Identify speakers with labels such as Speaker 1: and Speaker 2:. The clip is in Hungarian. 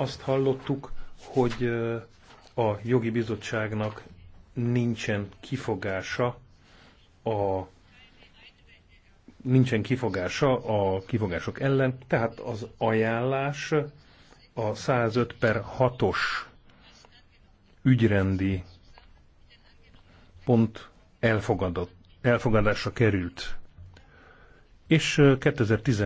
Speaker 1: Azt hallottuk, hogy a jogi bizottságnak nincsen kifogása a nincsen kifogása a kifogások ellen, tehát az ajánlás a 105 per 6-os ügyrendi pont elfogadott, elfogadásra
Speaker 2: került. És 2010